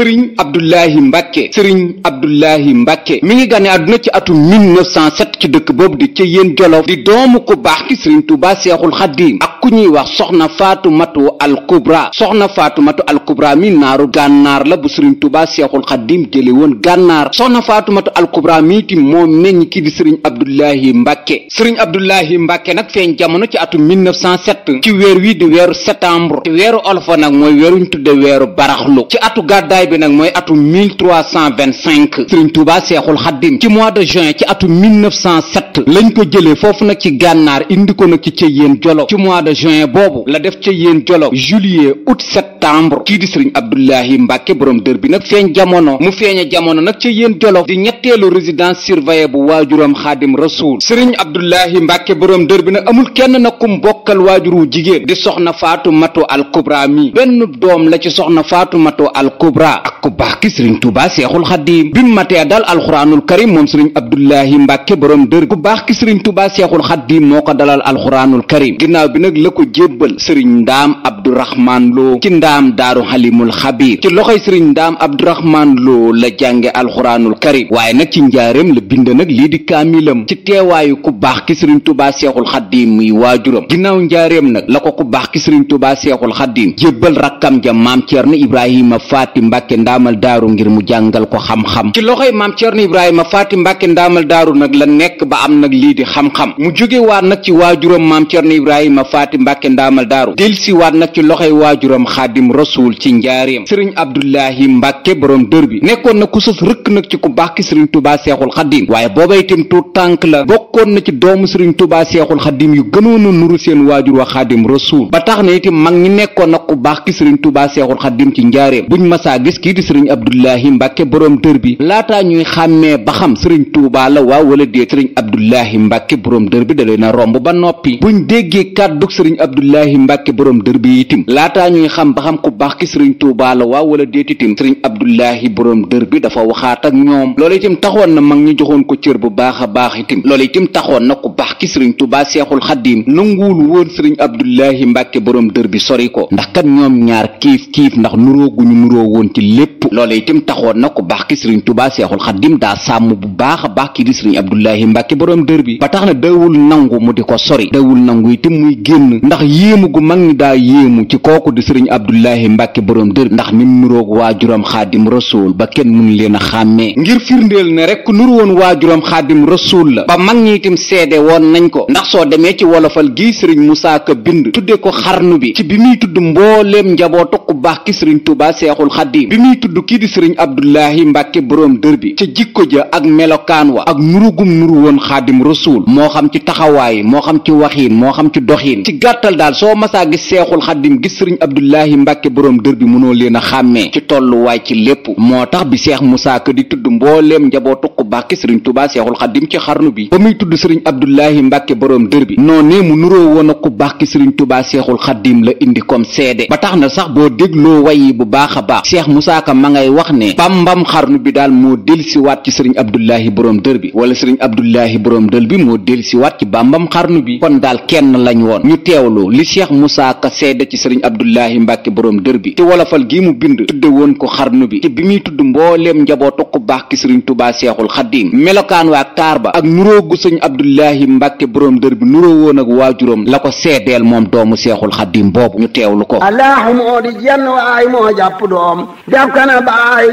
sëriñ abdullahi mbàkke sëriñ abdullahi mbàkke mi ngi gane àdduna ci atum 1907 ci dëkk boobu di ci yéen jolof di doomu ku baax ki sëriñ tuuba seexul xaddiim ak ku ñuy wax soxna faatumatu alkubra soxna faatumatu alkubra mi naaru gànnaar la bu sëriñ tuuba seexul xaddiim jële woon gànnaar soxna faatumatu alkubra mi ti moom meññ kii di sëriñ abdullahi mbàkke sëriñ abdullahi mbàkke nag feeñ jamono ci atum 1907 ci weer wii di weeru setembre ci weeru olofa nag moo weeruñ tudde weeru baraxlu bi nag mooy atum 1325 Serigne Touba Seexul Xaddim ci mois de juin ci atum 1907 lañ ko jëlee foofu nag ci gànnaar indi ko nag ci Ceyeen jolo ci mois de juin boobu la def Ceyeen jolo juillet août septembre kii di Serigne Abdoulahi Mbacke borom dër bi nag feeñ jamono mu feeñe jamono nag Ceyeen Jolof di ñetteelu résidence surveillée bu waajuram Xaadim Rasuul Serigne Abdoulahi Mbacke borom dër bi nag amul kenn nag ku mbokkal waajuru jigéen di soxna Faatu Mato Al Kubra mi benn doom la ci soxna Faatu Mato Al Kubra ak ku baax ki sëriñ tuuba seexul xaddiim bi mu matee dal alxuraanul karim moom sëriñ abdullahi mbàkke boroom dër ku baax ki sëriñ tuuba seexul xaddiim moo ko dalal alxuraanul karim ginnaaw bi nag la ko jébbal sëriñ ndaam abdurahmaan loo ci ndaam daaru xalimul xabiir ci loxoy sëriñ ndaam abdurahmaan loo la jànge alxuraanul karim waaye nag ci njaareem la bind nag lii di kaamilam ci teewaayu ku baax ki sëriñ tuuba seexul xaddiim muy waajuram ginnaaw njaareem nag la ko ku baax ki sëriñ tuuba seexul xaddiim jébbal rakkam ja maam ceerno ibrahima faati mbàkke mbàkke ndaamal daaru ngir mu jàngal ko xam-xam ci loxoy maam Cerno Ibrahima Faati Mbàkke ndaamal daaru nag la nekk ba am nag lii di xam-xam mu jóge waat nag ci waajuram maam Cerno Ibrahima Faati Mbàkke ndaamal daaru delsi waat nag ci loxoy waajuram xaadim rasuul ci njaareem sëriñ Abdullahi Mbàkke borom dër bi nekkoon na ku sës rëkk nag ci ku baax ki sëriñ Tuubaa Seexul Xaadim waaye booba itam tuut tànk la bokkoon na ci doomu sëriñ Tuubaa Seexul Xaadim yu gënoon a nuru seen waajur wa xaadim rasuul ba tax na itam mag ñi nekkoon na ku baax ki sëriñ Tuubaa Seexul gis kii di sëriñ abdullahi mbàkke boroom dër bi laataa ñuy xàmmee ba xam sëriñ tuubaa la waaw wala déet sëriñ abdullahi mbàkke boroom dër bi dalee na romb ba noppi buñ déggee kàddug sëriñ abdullahi mbàkke boroom dër bi itim laataa ñuy xam ba xam ku baax ki sëriñ tuubaa la waaw wala déet itim sëriñ abdullahi boroom dër bi dafa waxaat ak ñoom loolu itim taxoon na mag ñi joxoon ko cër bu baax a baax itim loolu itim taxoon na ku baax ki sëriñ tuubaa seexul xaddiim nanguwul woon sëriñ abdullahi mbàkke boroom dër bi sori ko ndax kat ñoom ñaar lépp loola itam taxoon nag ku baax ki sëriñ tubaa seexul xaddim daa sàmm bu baaxa a baax ki di sëriñ abdullahi mbàkke boroom dër bi ba tax na dawul nangu mu di ko sori dawul nangu itam muy génn ndax yéemu gu mag ñi daa yéemu ci kooku di sëriñ abdullahi mbàkke boroom dër bi ndax nim nuroog waajuram xaadim rasul ba kenn mun leen a xàmmee ngir firndeel ne rek ku nuru woon waajuram xaadim rasul la ba mag ñi itam seede woon nañ ko ndax soo demee ci wolofal gi sëriñ musaa ka bind tudde ko xarnu bi ci bi muy tudd mbooleem njabootu ku baax sëriñ tubaa seexul xaddim bi muy tudd kii di sëriñ abdullahi mbàkke boroom dër bi ca jikko ja ak melokaan wa ak nurugum nuru woon xaadim rasuul moo xam ci taxawaay moo xam ci waxiin moo xam ci doxiin ci gàttal daal soo masaa gis seexul xaadim gis sëriñ abdullahi mbàkke boroom dër bi mënoo leen a xàmmee ci tolluwaay ci lépp moo tax bi seex musaa ka di tudd mbooleem njabootu ku bàkke sëriñ tubaa seexul xaadim ci xarnu bi ba muy tudd sëriñ abdullahi mbàkke boroom dër bi noonee mu nuroo woon a ku bàkke sëriñ tubaa seexul xaadim la indi comme seede ba tax na sax boo dégloo wayi bu baax a baax Musaa Ka ma ngay wax ne pambam xarnu bi daal moo del siwaat ci sëriñ Abdullahi boroom dër bi wala sëriñ Abdullahi boroom dër bi moo del siwaat ci bambam xarnu bi kon daal kenn lañ woon ñu teewlu li Cheikh Musaa Ka seede ci sëriñ Abdullahi Mbàkke boroom dër bi ci wolofal gi mu bind tudde woon ko xarnu bi ci bi muy tudd mbooleem njabootu ku baax ki sëriñ Tubaa Seexul Xadiim melokaan waa taar ba ak nuróogu sëriñ Abdullahi Mbàkke boroom dër bi nur woon ak waajuram la ko seedeel moom doomu Seexul Xadiim boobu ñu teewlu ko jàpp kana baay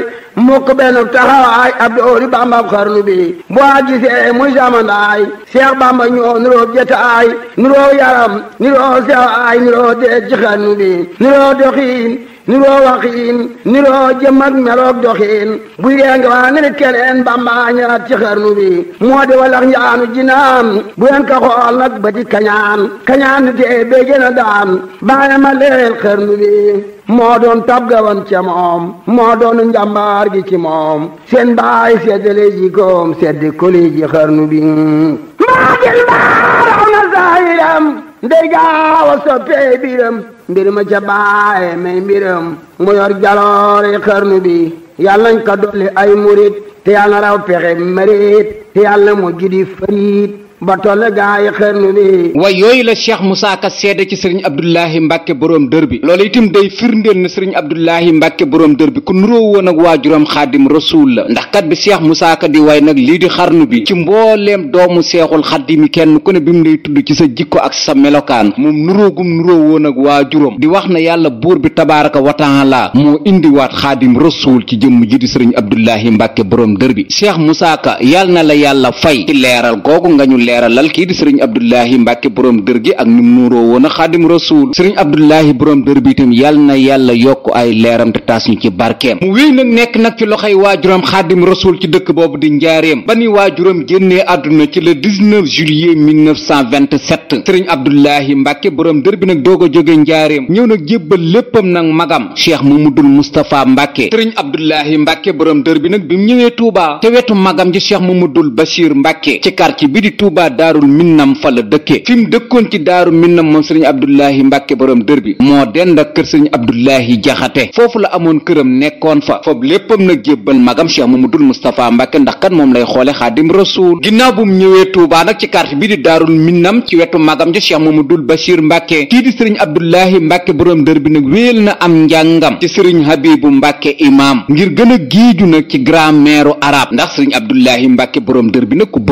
mukk benn taxawaay ab doori bamba xarlu bi boo gisee muy samandaay seex bamba ñoo nuroo jataay nuroo yaram nuroo sewaay nuroo deej ci xarnu bi nuroo doxiin niroo waxiin niroo jëm ak meloog doxiin buy dee nga waa ne keneen bàmbaa ci xarnu bi moo di walax njaanu jinaan bu leen ko xool nag ba di kañaan kañaan ni tee bee gën a daan bàyyi ma leel xarnu bi moo doon tab gawam ca moom moo doon njàmbaar gi ci moom seen baay seddale ji koom sedd kole ji xarnu bi maa gën baaraw na zaahiram ndey gaaw a soppee biram mbir ma ca baaye may mbiram mu yor jaloore xarnu bi yàlla nañ ko dolli ay murit te yàlla na raw pexe marit te yàlla mu gidi farit ba toll gaa yi yooyu la cheikh Moussa Ka seede ci sëriñ Abdoulahi mbàkke borom dër bi loolu itam day firndeel na sëriñ Abdoulahi mbàkke borom dër bi ku nuroo woon ak waajuram xaadim rasul la ndax kat bi cheikh Moussa Ka di way nag lii di xarnu bi ci mbooleem doomu seexul xaadimi kenn ku ne bi mu lay tudd ci sa jikko ak sa melokaan moom nuroogum nuroo woon ak waajuram di wax na yàlla buur bi tabaaraka wa taala moo indiwaat xaadim rasul ci jëmm ji di sëriñ Abdoulahi Mbacke borom dër bi cheikh Moussa Ka na la yàlla fay ci leeral googu nga ñu leeralal kii di sëriñ abdullahi mbàkke boroom dër gi ak nim nuuroo woon a xaadim rasuul sëriñ abdullahi boroom dër bi itam yàlla na yàlla yokk ay leeram te taas ñu ci barkeem mu wéy nag nekk nag ci loxoy waajuram xaadim rasuul ci dëkk boobu di njaareem ba ni waajuram génnee àdduna ci le 19 sëriñ abdullahi mbàkke boroom dër bi nag doog a jóge njaareem ñëw nag jébbal léppam nag magam cheikh mamadul moustapha mbàkke sëriñ abdullahi mbàkke boroom dër bi nag bi Touba daarul minnam fa la dëkkee fi mu dëkkoon ci daaru minnam moom sëriñ Abdoulahi Mbàkke borom dër bi moo dend ak kër sëriñ Abdoulahi Jaxate foofu la amoon këram nekkoon fa foofu léppam na jébbal magam Cheikh Mamadul Moustapha Mbàkke ndax kan moom lay xoole xaadim rasuul ginnaaw bu mu ñëwee Touba nag ci quartier bi di daarul minnam ci wetu magam ji Cheikh Mamadul Bachir Mbàkke kii di sëriñ Abdoulahi Mbàkke borom dër bi nag wéel na am njàngam ci sëriñ Habibu Mbàkke imaam ngir gën a giiju nag ci grammaire arabe ndax sëriñ Abdoulahi Mbàkke borom dër bi nag ku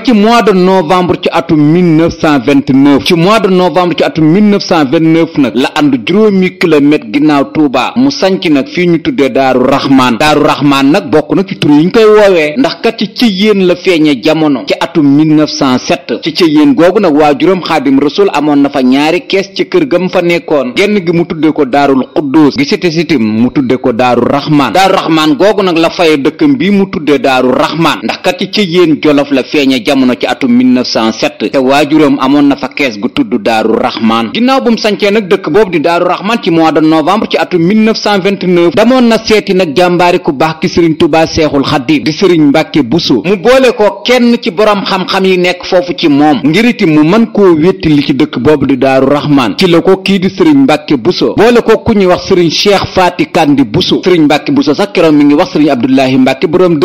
ba ci mois de novembre ci atum 1929 ci mois de novembre ci atum 1929 nag la ànd juróomi kilomètre ginnaaw Touba mu sanc nag fii ñu tuddee Daaru Rahman Daaru Rahman nag bokk na ci tur yi ñu koy woowee ndax kat ci ci yéen la feeñee jamono ci atum 1907 ci ci yéen googu nag waa juróom xaadim rasul amoon na fa ñaari kees ci kër ga mu fa nekkoon genn gi mu tuddee ko Daarul Quddus gi te sitim mu tuddee ko Daaru Rahman Daaru Rahman googu nag la fay dëkkam bii mu tuddee Daaru Rahman ndax kat la feeñee jamono ci atum 1907 te waajuram amoon na fa kees gu tudd daaru raxmaan ginnaaw bu mu sancee nag dëkk boobu di daaru raxmaan ci mois de novembre ci atum damoon na seeti nag jàmbaari ku baax ki sëriñ tubaa seexul xaddim di sëriñ mbàkke buso mu boole ko kenn ci boroom xam-xam yi nekk foofu ci moom ngir itam mu mën koo wétti li ci dëkk boobu di daaru raxmaan ci la ko kii di sëriñ mbàkke buso boole ko ku ñuy wax sëriñ cheikh faati kandi buso sëriñ mbàkke buso sax mi ngi wax sëriñ abdullahi mbàkke boroom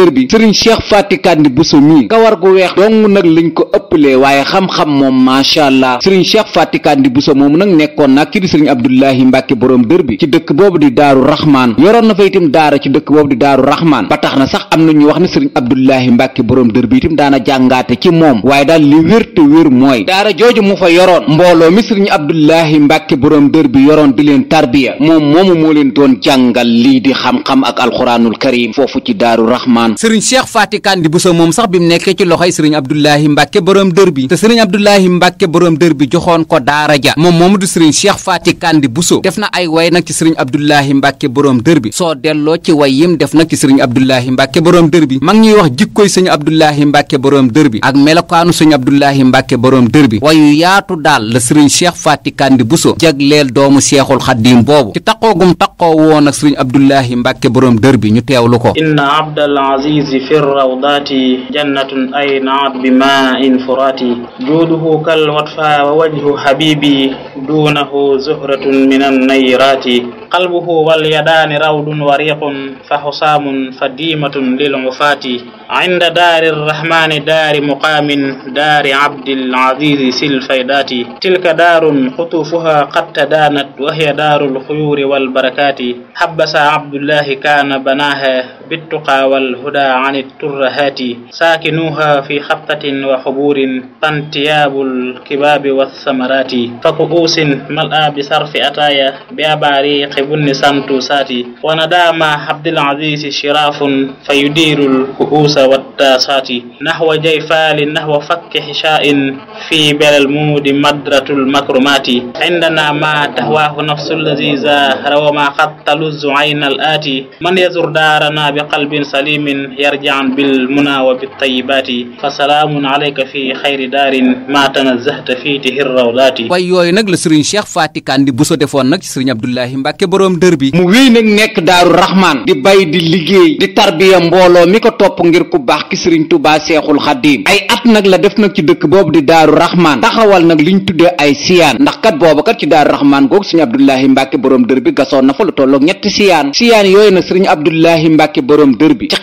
dong nag lañ ko ëppalee waaye xam-xam moom macha allah sëriñ cheikh fatikandi buso moomu nag nekkoon nag ki di sëriñ abdullahi mbàkke boroom dër bi ci dëkk boobu di daaru raxmaan yoroon na fa itam daara ci dëkk boobu di daaru raxmaan tax na sax na ñu wax ne sëriñ abdullahi mbàkke boroom dër bi itam daana jàngaate ci moom waaye daal li wér te wér mooy jooju mu fa yoroon mbooloo mi sëriñ abdullahi mbàkke boroom dër bi yoroon di leen tarbiya moom moomu moo leen doon jàngal lii di xam-xam ak alxuraanul karim foofu ci daaru raxmaan sëriñ cheikh fatikandi buso moom sax bi mu nekkee ci loxoy sëriñ Abdoulahi Mbacke borom dër bi te sëriñ Abdoulahi Mbacke borom dër bi joxoon ko daara ja moom moomu du sëriñ Cheikh Faati Kandi Bousso def na ay way nag ci sëriñ Abdoulahi Mbacke borom dër bi soo delloo ci way yim def nag ci sëriñ Abdoulahi Mbacke borom dër bi mag ñuy wax jikkoy sëñ Abdoulahi Mbacke borom dër bi ak melokaanu sëñ Abdoulahi Mbacke borom dër bi wayu yaatu daal da sëriñ Cheikh Faati Kandi Bousso jagleel doomu Cheikhul Xaddiim boobu ci taqoogum taqoo woon ak sëriñ Abdoulahi Mbacke borom dër bi ñu teewlu ko inna abdal azizi fi ومعت بماء فرات جوده كالوطفى ووجه حبيبي دونه زهرة من النيرات قلبه واليدان رود وريق فحصام فديمة للعفاة عند دار الرحمن دار مقام دار عبد العزيز سلفيدات تلك دار قطوفها قد تدانت وهي دار الخيور والبركات حبس عبد الله كان بناها بالتقى والهدى عن الترهات ساكنوها في خ حقة وحبور طنتياب الكباب والثمرات فكؤوس ملأ بصرف أتايا بأباري قبن سمتوساتي وندام عبد العزيز شراف فيدير الكؤوس والتاسات نحو جيفال نحو فك حشاء في بالمود مدرة المكرمات عندنا ما تهواه نفس اللذيذة وما قد تلز عين الآتي من يزر دارنا بقلب سليم يرجع بالمنى وبالطيبات فسا salaamun alayka fi xayri daarin ma tanazzahta fii tihi way yooyu nag la sëriñ Cheikh Faty bu Bousso defoon nag ci sëriñ Abdoulahi Mbacke boroom dër bi mu wéy nag nekk daaru raxmaan di bay di liggéey di tarbiya mbooloo mi ko topp ngir ku baax ki sëriñ tubaa seexul xadiim ay at nag la def nag ci dëkk boobu di daaru raxmaan taxawal nag li ñu tuddee ay siyaan ndax kat booba kat ci daaru raxmaan googu sëriñ Abdoulahi Mbacke boroom dër bi gasoon na fa lu tolloog ñetti siyaan siyaan yooyu nag sëriñ Abdoulahi Mbacke boroom dër bi ci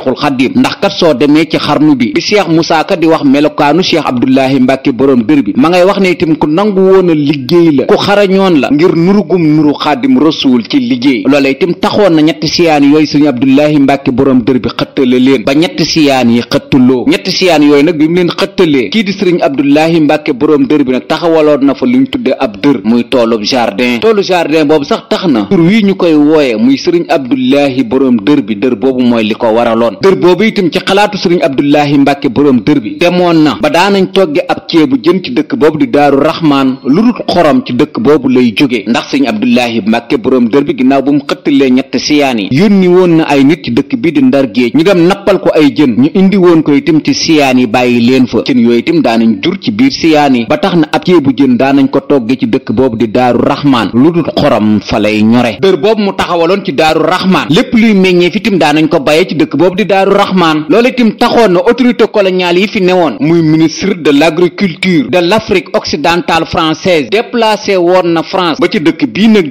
seexul xaddiim ndax kat soo demee ci xarnu bi bi seex Musaa Ka di wax melokaanu seex Abdullahi Mbàkke boroom dër bi ma ngay wax ne itam ku nangu woon a liggéey la ku xarañoon la ngir nurugum nuru xaadim rasuul ci liggéey loola itam taxoon na ñetti siyaan yooyu sëñ Abdullahi Mbàkke boroom dër bi xëttale leen ba ñetti siyaan yi xëttaloo ñetti siyaan yooyu nag bi mu leen xëttalee kii di sëriñ Abdullahi Mbàkke boroom dër bi nag taxawaloon na fa lu ñu tudde ab dër muy toolub jardin toolu jardin boobu sax tax na tur wii ñu koy wooye muy sëriñ Abdullahi boroom dër woon dër boobu itam ci xalaatu sëriñ abdullahi mbàkke boroom dër bi demoon na ba daanañ togge ab ceebu jën ci dëkk boobu di daaru raxmaan lu dul xorom ci dëkk boobu lay jóge ndax sëriñ abdullahi mbàkke boroom dër bi ginnaaw bu mu xët sottilee ñett siyaan yi yónni woon na ay nit ci dëkk bi di ndar géej ñu dem nappal ko ay jën ñu indi woon ko itam ci siyaan yi bàyyi leen fa jën yooyu itam daanañ jur ci biir siyaan yi ba tax na ab ceebu jën daanañ ko togge ci dëkk boobu di daaru raxmaan lu dul xorom fa lay ñore dër boobu mu taxawaloon ci daaru raxmaan lépp luy meññee fitim daanañ ko bàyyee ci dëkk boobu di daaru raxmaan loolu itam taxoon na autorité coloniale yi fi newoon muy ministre de l'agriculture de l'Afrique occidentale française déplacé woon na France ba ci dëkk bii nag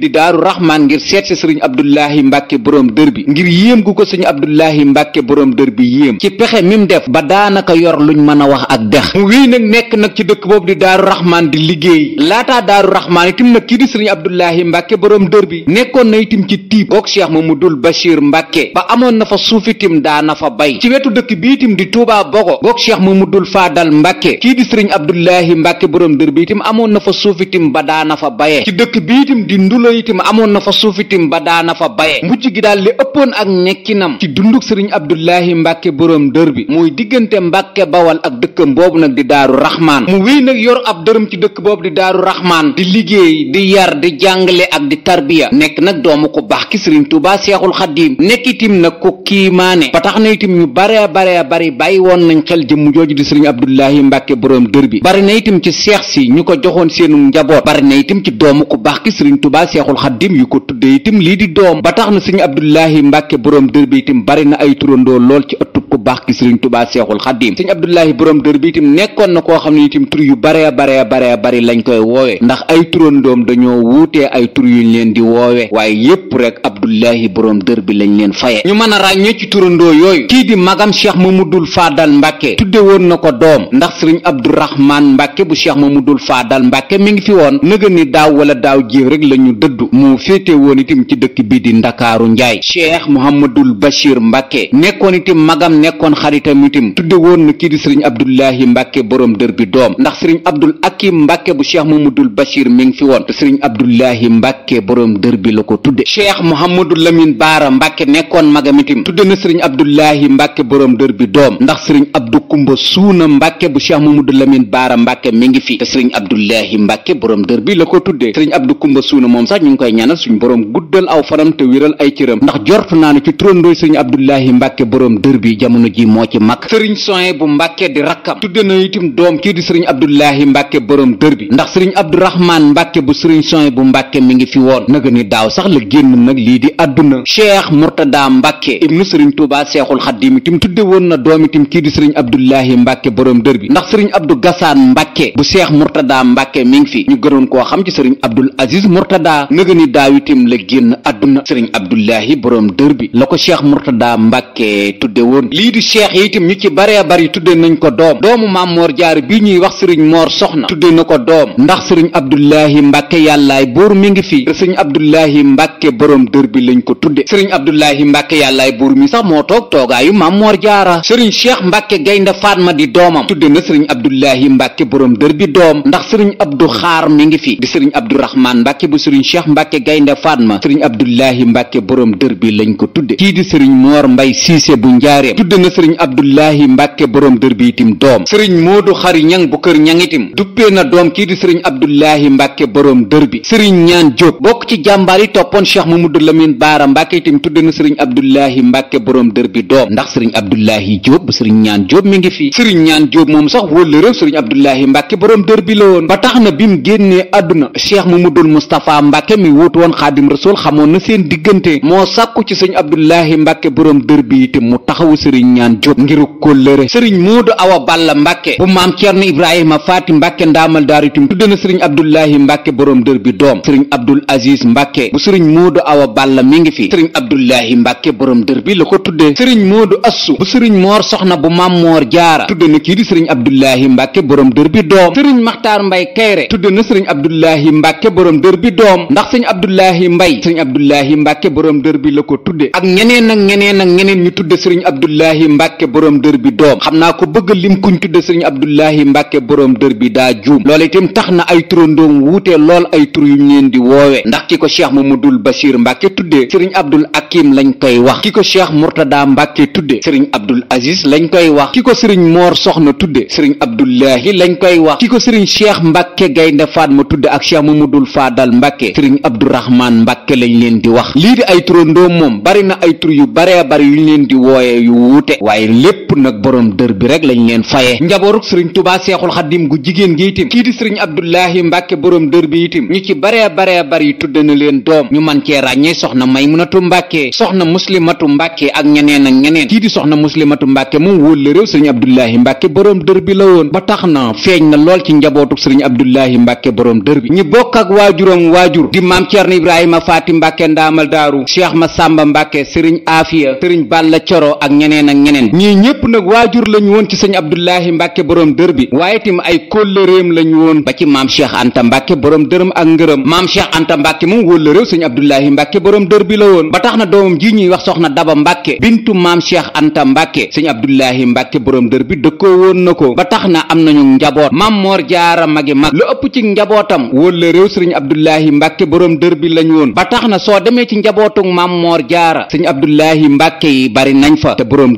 abdullahi mbàkke boroom dër bi ngir yéem gu ko sëñ abdullahi mbàkke boroom dër bi yéem ci pexe mim def ba daanaka yor luñ mën a wax ak dex mu wéy nag nekk nag ci dëkk boobu di daaru raxmaan di liggéey laataa daaru raxmaan itam nag kii di sëriñ abdullahi mbàkke boroom dër bi nekkoon na itam ci tiib goog mu dul bachir mbàkke ba amoon na fa suufitim daana fa bay ci wetu dëkk bi itam di tuubaa bogo goog cheikh mamadul faadal mbàkke kii di sëriñ abdullahi mbàkke boroom dër bi itam amoon na fa na fa suufitim ba na fa baye mujj gi daal li ëppoon ak nekkinam ci dunduk sëriñ abdullahi mbàkke boroom dër bi muy diggante mbàkke bawal ak dëkkam boobu nag di daaru raxmaan mu wéy nag yor ab dërëm ci dëkk boobu di daaru raxmaan di liggéey di yar di jàngale ak di tarbiya nekk nag doomu ko baax ki sëriñ tuubaa seexul xadiim nekk itim nag ko kiimaane ba tax na itim ñu bare bare bari bàyyi woon nañ xel jëmm jooju di sëriñ abdullahi mbàkke boroom dër bi bari na itim ci seex si ñu ko joxoon seenu njaboot bari na doomu ko baax ki sëriñ tuubaa doom ba tax na sëriñ Abdoulahi Mbàkke boroom dër bi itam bari na ay turandoo lool ci ëttu ku baax ki sëriñ tubaa seexul xaddim abdullahi borom dër bi itam nekkoon na ko xam ne itam tur yu bare bare bare bari lañ koy woowe ndax ay turandoom dañoo wuutee ay tur yuñ leen di woowe waaye yépp rek abdullahi borom dër bi lañ leen faye ñu mën a ràññee ci turandoo yooyu kii di magam cheikh mamadul faadal mbàkke tudde woon na ko doom ndax sëriñ abdourahman mbàkke bu cheikh mamadul faadal mbàkke mi ngi fi woon nëga ni daaw wala daaw jéew rek la ñu dëddu mu féete woon itam ci dëkk bii di ndakaaru njaay cheikh mouhamadul bachir mbàkke nekkoon itam magam nekkoon xaritam itam tudde woon na kii di sëriñ abdullahi mbàkke borom dër bi doom ndax sëriñ abdul akim mbàkke bu cheikh mamadul bachir mi ngi fi woon te sëriñ abdullahi mbàkke borom dër bi la ko tudde cheikh mohamadou lamin baara mbàkke nekkoon magam itam tudde na sëriñ abdullahi mbàkke borom dër bi doom ndax sëriñ abdu kumba suuna mbàkke bu cheikh mamadou lamin baara mbàkke mi ngi fi te sëriñ abdullahi mbàkke borom dër bi la ko tudde sëriñ abdu kumba suuna moom sax ñu ngi koy ñaanal suñ borom guddal aw fanam te wéral ay cëram ndax jortu naa ne ci turandooy sëriñ abdullahi mbàkke borom dër bi jamono ji moo ci mag sëriñ soin bu mbàkke di rakkam tudde na itam doom kii di sëriñ abdoulahi mbàkke borom dër bi ndax sëriñ abdourahman mbàkke bu sëriñ soin bu mbàkke mi ngi fi woon naga ni daaw sax la génn nag lii di àdduna cheikh murtada mbàkke ibnu sëriñ touba seexul xaddim itam tudde woon na doom itam kii di sëriñ abdoulahi mbàkke borom dër bi ndax sëriñ abdou gasaan mbàkke bu cheikh murtada mbàkke mi ngi fi ñu gënoon koo xam ci sëriñ abdul aziz murtada naga ni daaw itam la génn àdduna sëriñ abdoulahi borom dër bi la ko cheikh murtada mbàkke tudde woon lii di cheikh yi itam ñu ci baree bari tudde nañ ko doom doomu maam moor jaar bi ñuy wax sëriñ moor soxna tudde na ko doom ndax sëriñ abdullahi mbàkke yàllaay buur mi ngi fii te sëriñ abdullahi mbàkke borom dër bi lañ ko tudde sëriñ abdullahi mbàkke yàllaay buur mi sax moo toog toogaayu maam moor jaara sëriñ cheikh mbàkke gaynde faatma di doomam tudde na sëriñ abdullahi mbàkke borom dër bi doom ndax sëriñ abdu xaar mi ngi fi di sëriñ abdourahmaan mbàkke bu sëriñ cheikh mbàkke gaynde faatma sëriñ abdullahi mbàkke borom dër bi lañ ko tudde kii di sëriñ moor mbay siise bu njaareem tudd na sëriñ abdullahi mbàkke boroom dër bi itim doom sëriñ moo xari ñang bu kër ñang itim duppee na doom kii di sëriñ abdullahi mbàkke boroom dër bi sëriñ ñaan jóob bokk ci jàmbaar yi toppoon cheikh mamadou lamin baara mbàkke itim tudd na sëriñ abdullahi mbàkke boroom dër bi doom ndax sëriñ abdullahi jóob bu sëriñ ñaan jóob mi ngi fii sëriñ ñaan jóob moom sax wóllërew sëriñ abdullahi mbàkke boroom dër bi la woon ba tax na bi mu génnee àdduna cheikh mamadul mustapha mbàkke mi wóotu woon xaadim rasul xamoon na seen diggante moo sàkku ci sëriñ abdullahi mbàkke boroom dër bi itim mu taxawu sëriñ sëriñ ñaan jóob ngiru kóllëre sëriñ moodu awa balla mbàkke bu maam ceerno ibrahima faati mbàkke ndaamal daaritum tudde na sëriñ abdullahi mbàkke boroom dër bi doom mi ngi fi sëriñ abdullahi mbàkke boroom dër bi la ko tudde sëriñ moodu assu bu sëriñ moor bu maam moor jaara tudde na kii di sëriñ abdullahi mbàkke boroom dër bi doom sëriñ maxtaar mbay kayre tudde na sëriñ abdullahi mbàkke boroom dër bi doom ndax sëriñ abdullahi mbay sëriñ dër bi la ko tudde ak ñeneen ak ñeneen ak ñeneen ñu tudde sëriñ abdullahi abdullahi mbàkke boroom dër bi doom xam naa ko bëgg lim kuñ tudde sëriñ abdullahi mbàkke boroom dër bi daa juum loola itam tax na ay turandoom wuute lool ay tur yuñ leen di woowe ndax ki ko cheikh mamadul bachir mbàkke tuddee sëriñ abdul akim lañ koy wax ki ko cheikh murtada mbàkke tudde sëriñ abdul aziz lañ koy wax ki ko sëriñ moor soxna tudde sëriñ abdullahi lañ koy wax ki ko sëriñ cheikh mbàkke gaynde fatma tudde ak cheikh mamadul faadal mbàkke sëriñ abdourahman mbàkke lañ leen di wax lii di ay turandoom moom bari na ay tur yu baree bari yuñ leen di wooye yu wuute waaye lépp nag boroom dër bi rek lañ leen faye njabooruk sëriñ tubaa seexul xaddim gu jigéen gi itim kii di sëriñ abdullahi mbàkke boroom dër bi itim ñu ci baree baree bari tudde na leen doom ñu man cee ràññee soxna maymunatu mbàkke soxna muslimatu mbàkke ak ñeneen ak ñeneen kii di soxna muslimatu mbàkke moom wóol réew sëriñ abdullahi mbàkke boroom dër bi ba tax na feeñ na lool ci njabootuk sëriñ abdullahi mbàkke boroom dër bi ñi bokk ak waajuram waajur di maam ceerno ibrahima faati mbàkke ndaamal daaru cheikh ma sàmba mbàkke sëriñ aafiya sëriñ balla coro ak ñeneen ñii ñëpp nag waajur lañ woon ci sëñ Abdoulahi Mbàkke borom dër bi waaye tim ay kóllëreem lañ woon ba ci maam Cheikh Anta Mbàkke borom dërëm ak ngërëm maam Cheikh Anta Mbàkke moom wóllëréew sëñ Abdoulahi Mbàkke borom dër bi la woon ba tax na doomam ji ñuy wax soxna Daba Mbàkke bintu maam Cheikh Anta Mbàkke sëñ Abdoulahi Mbàkke borom dër bi dëkkoo woon na ko ba tax na am nañu njaboot maam Moor Jaara magi mag lu ëpp ci njabootam wóllëréew sëriñ Abdoulahi Mbàkke borom dër bi lañ woon ba tax na soo demee ci njabootu maam Moor Jaara sëñ Abdoulahi Mbàkke yi bari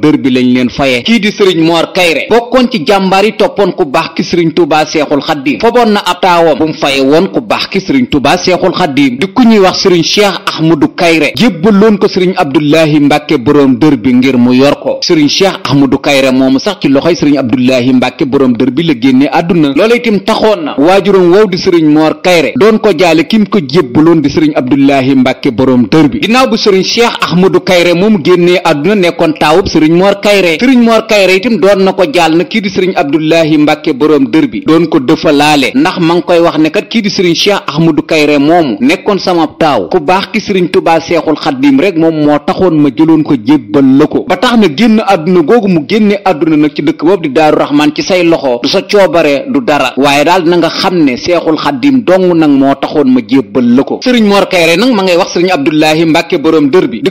dër bi lañ leen faye kii di sëriñ Mor Kayre bokkoon ci jàmbaar yi toppoon ku baax ki sëriñ Touba Seexul Xaddiim foboon na ab taawam bu mu faye woon ku baax ki sëriñ Touba Seexul Xaddiim di ku ñuy wax sëriñ Cheikh Ahmadou Kayre jébbaloon ko sëriñ Abdoulahi Mbàkke boroom dër bi ngir mu yor ko sëriñ Cheikh Ahmadou Kayre moomu sax ci loxoy sëriñ Abdoulahi Mbàkke boroom dër bi la génnee àdduna loolu itam taxoon na waajuram wow di sëriñ Mor Kayre doon ko jaale kim ko jébbaloon di sëriñ Abdoulahi Mbàkke boroom dër bi ginnaaw bu sëriñ Cheikh Ahmadou Kayre moom génnee àdduna nekkoon taawub sëriñ Mor Kayre sëriñ Mor Kayre itam doon na ko jaal na kii di sëriñ Abdoulahi Mbàkke boroom dër bi doon ko dëfalaale ndax ma nga koy wax ne kat kii di sëriñ Cheikh Ahmadou Kayre moomu nekkoon sama taaw ku baax ki sëriñ Tubaa Seexul Xaddiim rek moom moo taxoon ma jëloon ko jébbal la ko ba tax na génn àdduna googu mu génne àdduna nag ci dëkk boobu di Daaru Raxmaan ci say loxo du sa coobare du dara waaye daal na nga xam ne Seexul Xaddiim dong nag moo taxoon ma jébbal la ko sëriñ Mor Kayre nag ma ngay wax sëriñ Abdoulahi Mbàkke boroom dër bi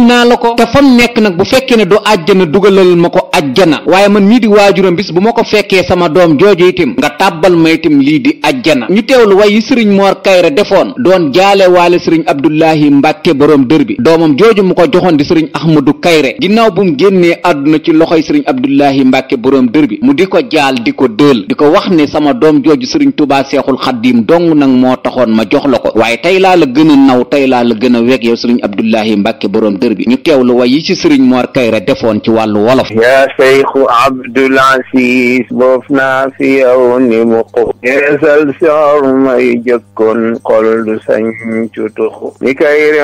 jëlal naa la ko te fam nekk nag bu fekkee ne du àjjana dugalal ma ko àjjana waaye man mii di waajuram bis bu ma ko fekkee sama doom jooju itim nga tàbbal ma itim lii di àjjana ñu teewlu way yi sëriñ Mor Kayre defoon doon jaale waale sëriñ Abdullahi Mbàkke boroom dër bi doomam jooju mu ko joxoon di sëriñ Ahmadu Kayre ginnaaw bu mu génnee àdduna ci loxoy sëriñ Abdullahi Mbàkke boroom dër bi mu di ko jaal di ko dël di ko wax ne sama doom jooju sëriñ Tuubaa Seexul Xaddiim dong nag moo taxoon ma jox la ko waaye tey la gën a la gën a kër gi ñu teewlu way yi ci sëriñ Mor Kayre defoon ci wàllu wolof ya Seexu Abdul Asiis boof naa fi yow ni mu xu yeesal soor may jëkkoon xol du sañ cutuxu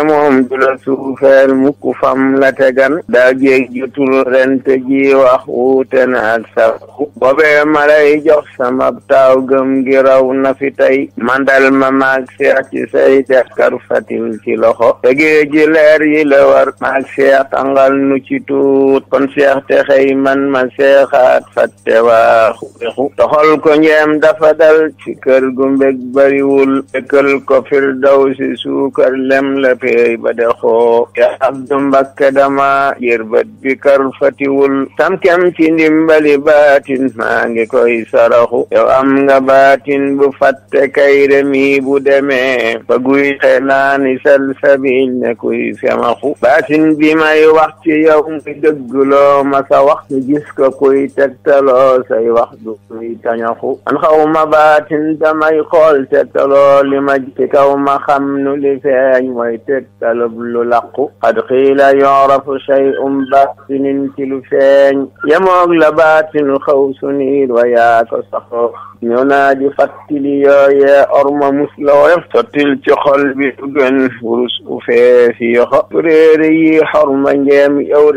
moom du la suufeel mukk fam la tegan daa géeg jutul rent ji wax wuute na ak saxu boobee ma lay jox sama taaw gëm gi raw na fi tey mandal ma maag seex ci say def kar ci loxo tegee leer yi la war man Cheikh tàngal nu ci tuut kon Cheikh te xëy man ma seexaat fatte waaxu bexu toxol ko njeem dafa dal ci kër gu mbég bariwul kël ko firdawsi suukar lem la peey ba dexoo ya abdu mbakke dama jër bët bi kar fatiwul tamkem ci ndimbali baatin maa ngi koy saraxu yow am nga baatin bu fatte kay remi bu demee ba guy xelaani sal sabil ne kuy femaxu baatin bi may wax ci yow muy dëgguloo ma sa wax ñu gis ko kuy tegtaloo say wax du kuy tañaxu an xaw ma baatin damay xool tegtaloo li ma ci kaw ma xam nu li feeñ mooy tegtalub lu làqu xad xiila yorafu shay um baatinin ci lu feeñ yemoog la baatinu xaw su niir wa yaa ko saxoo ñu naa di fàttali yooyee orma musla woyof sottil ci xol bi gën wurus u feesi yoxo ku réere yi xorma njeem yow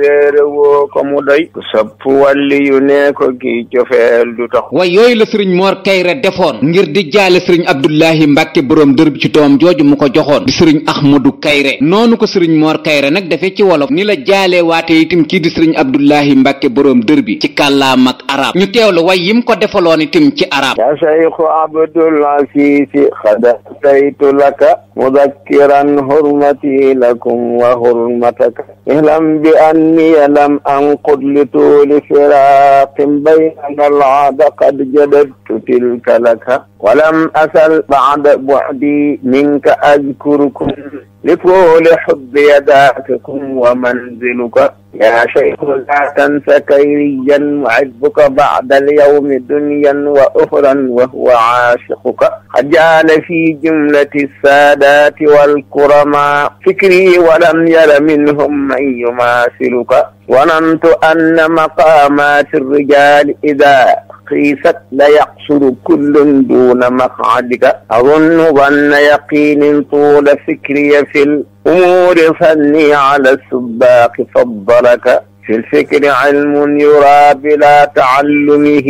woo ko mu doy ku sopp wàlli ko kii cofeel du tax way yooyu la sëriñ Mor Kayre defoon ngir di jaale sëriñ Abdullahi Mbàkke boroom dër bi ci doom jooju mu ko joxoon di sëriñ Ahmadu Kayre noonu ko sëriñ Mor Kayre nag dafee ci wolof ni la jaale waate itam kii di sëriñ Abdullahi Mbàkke boroom dër bi ci kàllaam ak arab ñu teewlu way yim ko defaloon itam ci arab يا شيخ عبد العزيز قد أتيت لك مذكرا حرمتي لكم وحرمتك اعلم بأني لم أنقض لطول فراق بيننا العاد قد جددت تلك لك ولم أسل بعد بعدي منك أذكركم لطول حب يداككم ومنزلك يا شيخ لا تنس كيريا وعجبك بعد اليوم دنيا وأخرا وهو عاشقك قد جعل في جملة السادة السادات والكرماء فكري ولم يل منهم من يماثلك ظننت أن مقامات الرجال إذا قيست ليقصد كل دون مقعدك أظن ظن يقين طول فكري في الأمور فني على السباق فضلك في الفكر علم يرى بلا تعلمه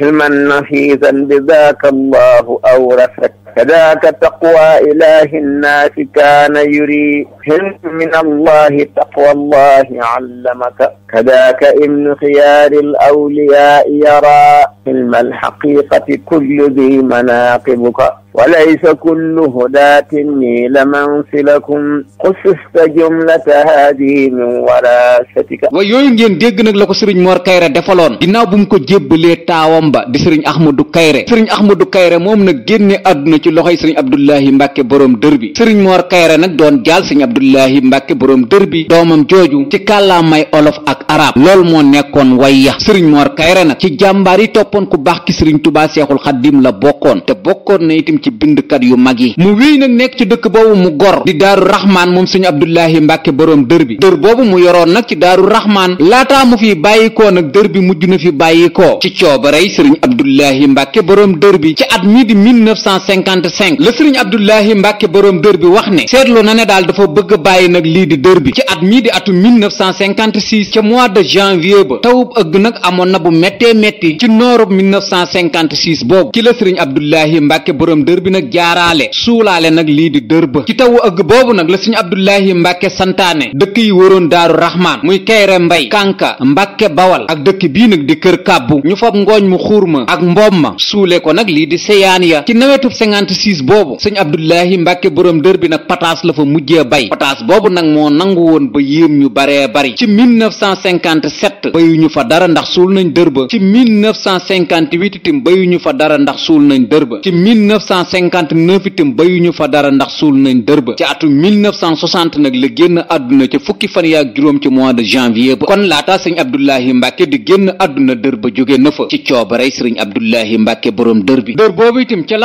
علما نفيذا بذاك الله أورثك kadaaka taqwa ilahi nnaasi kaana yuri hin min allahi taqwa allahi allamaka kadaaka ibnu xiyaari alawliyaai yara ilma alxaqiqati kullu di manaqibuka وليس كل هداة نيل منسلكم خصصت جملة هذه من وراستك wa yooyu ngeen dégg nag la ko sëriñ Mor Kayre defaloon ginnaaw bu mu ko jébbalee taawam ba di sëriñ Ahmadou Kayre sëriñ Ahmadou Kayre moom nag génne àdduna ci loxo loxoy sëriñ abdullahi mbàkke boroom dër bi sëriñ moor kayre nag doon jaal sëriñ abdullahi mbàkke boroom dër bi doomam jooju ci kàllaamay olof ak araab loolu moo nekkoon way ya sëriñ moor kayre nag ci jàmbaar yi toppoon ku baax ki sëriñ tubaa seexul xaddim la bokkoon te bokkoon na itam ci bindkat yu mag yi mu wéy nag nekk ci dëkk boobu mu gor di daaru raxmaan moom sëriñ abdullahi mbàkke boroom dër bi dër boobu mu yoroon nag ci daaru raxmaan laataa mu fi bàyyikoo nag dër bi mujj na fi bàyyikoo ci coobarey sëriñ abdullahi mbàkke boroom dër ci at mi di 55 la sëriñ Abdoulahi Mbàkke boroom dër bi wax ne seetlu na ne daal dafa bëgg bàyyi nag lii di dër bi ci at mii di atum 1956 ca mois de janvier ba tawub ëgg nag amoon na bu méttee métti ci noorub boobu ci la sëriñ Abdoulahi Mbàkke boroom dër bi nag jaaraale suulaale nag lii di dër ba ci tawu ëgg boobu nag la sëriñ Abdoulahi Mbàkke santaane dëkk yi wëroon daaru raxmaan muy kayre mbay kànka mbàkke bawal ak dëkk bii nag di kër kàbbu ñu fob ngooñ mu xuur ma ak mboom ma 56 boobu sëñ Abdoulahi Mbàkke borom dër bi nag pataas la fa mujjee bay pataas boobu nag moo nangu woon ba yéem ñu baree bari ci 1957 bayuñu fa dara ndax suul nañ dër ba ci 1958 itam bayuñu fa dara ndax suul nañ dër ba ci 1959 itam bayuñu fa dara ndax suul nañ dër ba ci atu 1960 nag la génn àdduna ci fukki fan yaak juróom ci mois de janvier ba kon laata sëñ Abdoulahi Mbàkke di génn àdduna dër ba jóge na fa ci coobarey sëriñ Abdoulahi Mbàkke borom dër bi dër boobu itam ca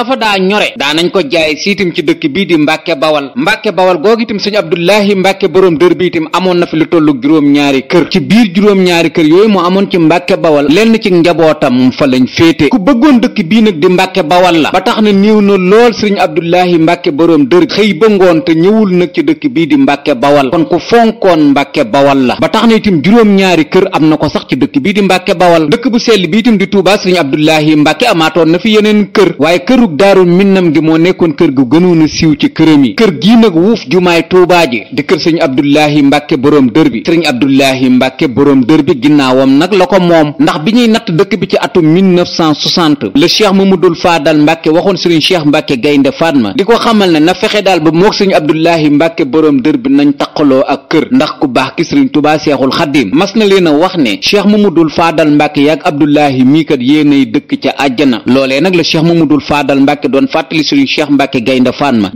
pare daanañ ko jaay siitim ci dëkk bii di mbàkke bawal mbàkke bawal googu itam sëñ abdullahi mbàkke boroom dër bi itam amoon na fi lu tollu juróom-ñaari kër ci biir juróom-ñaari kër yooyu moo amoon ci mbàkke bawal lenn ci njabootam fa lañ féete ku bëggoon dëkk bii nag di mbàkke bawal la ba tax na néew na lool sëriñ abdullahi mbàkke boroom dër xëy ba ngoon te ñëwul nag ci dëkk bii di mbàkke bawal kon ku fonkoon mbàkke bawal la ba tax na itam juróom-ñaari kër am na ko sax ci dëkk bii di mbàkke bawal dëkk bu sell bii itam di tuubaa sëriñ abdullahi mbàkke amaatoon na fi yeneen kër waaye këruk daaru min gennam gi moo nekkoon kër gu gënoon a siiw ci këram yi kër gii nag wuuf jumaay tuubaa ji di kër sëriñ abdullahi mbàkke boroom dër bi sëriñ abdullahi mbàkke boroom dër bi nag la ko moom ndax bi ñuy natt dëkk bi ci atum la 1960 le cheikh mamadul faadal mbàkke waxoon sëriñ cheikh mbàkke gaynde ma di ko xamal ne na fexe daal ba mook sëriñ abdullahi mbàkke boroom dër bi nañ taqaloo ak kër ndax ku baax ki sëriñ tuubaa seexul xaddim mas na leen a wax ne cheikh mamadul faadal mbàkke yaag abdullahi mii kat yéenay dëkk ca àjjana loolee nag la cheikh mamadul faadal mbàkke doon fàtt fàttali suñu cheikh mbàkke gaynde Fatma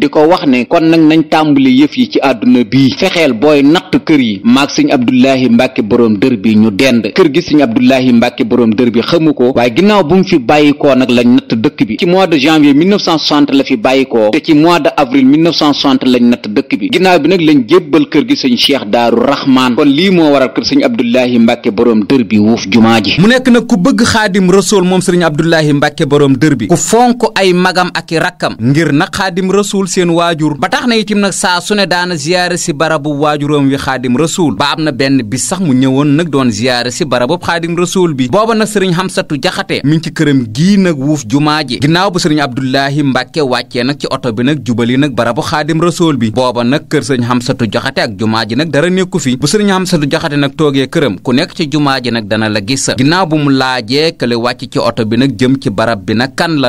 yi ci àdduna bii fexeel booy natt kër yi maag sëñ abdullahi mbàkke boroom dër bi ñu dend kër gi sëñ abdullahi mbàkke boroom dër bi ko waaye ginnaaw bu mu fi bàyyikoo nag lañ natt dëkk bi ci mois de janvier 1960 la fi bàyyikoo te ci mois de avril 1960 lañ natt dëkk bi ginnaaw bi nag lañ jébbal kër gi moo waral kër sëñ abdullahi mbàkke boroom dër bi wuuf jumaa ji mu nekk nag ku bëgg xaadim rasool moom sëriñ abdullahi mbàkke boroom dër bi ku fonk ay magam ak di rakkam ngir nag xaadim rasuul seen waajur ba tax na itim nag saa su ne daana ziyaare si barabu waajuram wi xaadim rasuul ba am na benn bi sax mu ñëwoon nag doon ziyaare si barabub xaadim rasuul bi booba nag sëriñ Xamsatu Jaxate mi ngi ci këram gii nag wuuf jumaa ji ginnaaw bu sëriñ Abdullahi Mbàkke wàccee nag ci oto bi nag jubali nag barabu xaadim rasuul bi booba nag kër sëriñ Xamsatu Jaxate ak jumaa ji nag dara nekku fi bu sëriñ Xamsatu Jaxate na toogee këram ku nekk ci jumaa ji nag dana la gis ginnaaw bu mu laajee kële wàcc ci oto bi nag jëm ci barab bi nag kan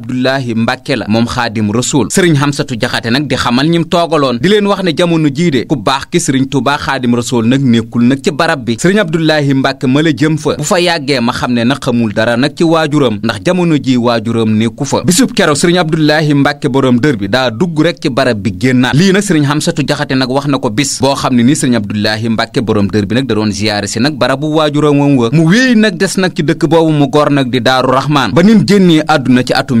Abdoulahi Mbàkke la moom xaadim rasul sëriñ Xamsatu Jaxate nag di xamal ñim toogaloon di leen wax ne jamono jii de ku baax ki sëriñ Tuubaa xaadim rasul nag nekkul nag ci barab bi sëriñ Abdoulahi Mbàkke ma la jëm fa bu fa yàggee ma xam ne nag xamul dara nag ci waajuram ndax jamono ji waajuram nekku fa bisub keroog sëriñ Abdoulahi Mbàkke borom dër bi daa dugg rek ci barab bi génnaat lii nag sëriñ Xamsatu Jaxate nag wax na ko bis boo xam ne ni sëriñ Abdoulahi Mbàkke borom dër bi nag da doon ziyaare si nag barabu waajuram wa mu wéy nag des nag ci dëkk boobu mu gor nag di daaru raxmaan ba nim génnee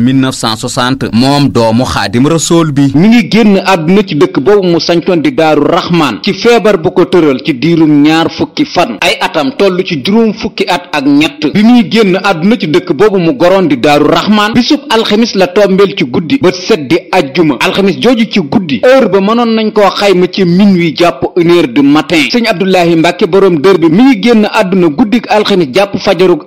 atum 1960 moom doomu xaadim rasool bi mi ngi génn àdduna ci dëkk boobu mu sancoon di daaru raxmaan ci feebar bu ko tëral ci diirum ñaar fukki fan ay atam toll ci juróom fukki at ak ñett bi muy génn àdduna ci dëkk boobu mu goroon di daaru raxmaan bisub alxemes la tombeel ci guddi ba set di ajjuma alxamis jooju ci guddi heure ba mënoon nañ koo xayma ci minuit jàpp une heure du matin sëñ abdullahi mbàkke boroom dër bi mi ngi génn àdduna guddik alxamis jàpp fajarug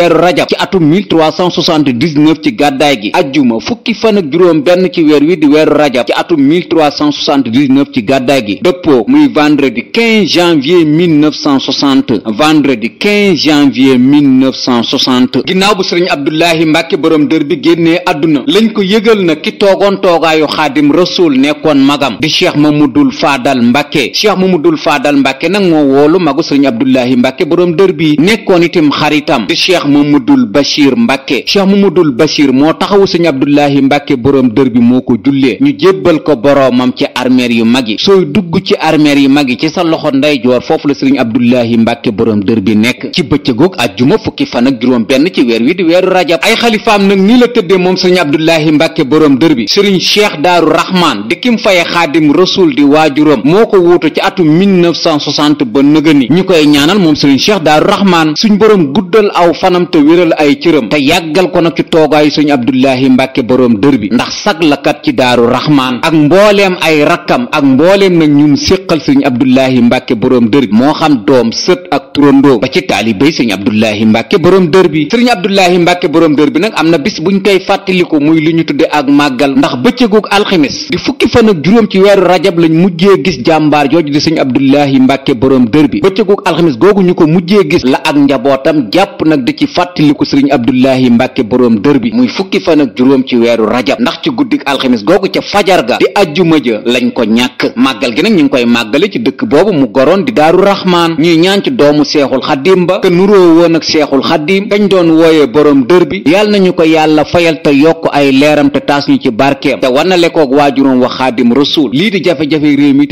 weeru rajab ci atum 1379 ci gàddaay gi ajjuma fukki fan ak juróom benn ci weer wi di weeru rajab ci atum 1379 ci gàddaay gi dëppoo muy vendredi 15 janvier 1960 vendredi 15 janvier 1960 ginnaaw bu sëriñ Abdullahi Mbàkke borom dër bi génnee àdduna lañ ko yëgal na ki toogoon toogaayu xaadim rasuul nekkoon magam di cheikh mamadul faadal mbàkke cheikh mamadul faadal mbàkke nag moo woolu magu sëriñ Abdullahi Mbàkke borom dër bi nekkoon itam xaritam di cheikh mamadul bachir mbàkke cheikh mamadul bachir moo taxawu sëñ abdullahi mbàkke boroom dër bi moo ko jullee ñu jébbal ko boroomam ci armeer yu mag yi sooy dugg ci armeer yu mag yi ci sa loxo ndeyjoor foofu la sëriñ abdullahi mbàkke boroom dër bi nekk ci bëccëgoog ajjuma fukki fan ak juróom benn ci weer wi di weeru rajab ay xalifaam nag nii la tëddee moom sëriñ abdullahi mbàkke boroom dër bi sëriñ cheikh daaru rahman di kim faye xaadim rasul di waajuram moo ko wuutu ci atum 1960 ba nëgëni ñu koy ñaanal moom sëriñ kanamam te wéral ay cëram te yàggal ko nag ci toogaayu sëñ abdullahi mbàkke boroom dër bi ndax sag la kat ci daaru raxmaan ak mbooleem ay rakkam ak mbooleem nag ñum séqal sëñ abdullahi mbàkke boroom dër bi moo xam doom sët ak turandoo ba ci taalibéy sëñ abdullahi mbàkke boroom dër bi sëriñ abdullahi mbàkke boroom dër bi nag am na bis buñ koy fàttaliku muy li ñu tudde ak màggal ndax bëccëgug alxemes di fukki fa ak juróom ci weeru rajab lañ mujjee gis jàmbaar jooju di sëñ abdullahi mbàkke boroom dër bi bëccëgug alxemes googu ñu ko mujjee gis la ak njabootam jàpp fàttaliku sëriñ abdullahi mbàkke boroom dër bi muy fukki fan ak juróom ci weeru rajab ndax ci guddik alxamis googu ca fajar ga di ajjuma ja lañ ko ñàkk màggal gi nag ñu ngi koy màggale ci dëkk boobu mu goroon di daaru raxmaan ñuy ñaan ci doomu seexul xaddim ba te nuroo woon ak seexul xaddim dañ doon wooyee borom dër bi yàlla nañu ko yàlla fayal te yokk ay leeram te taas ñu ci barkeem te wanale koog waajuroom wa xaadim rasuul lii di jafe-jafe réew mi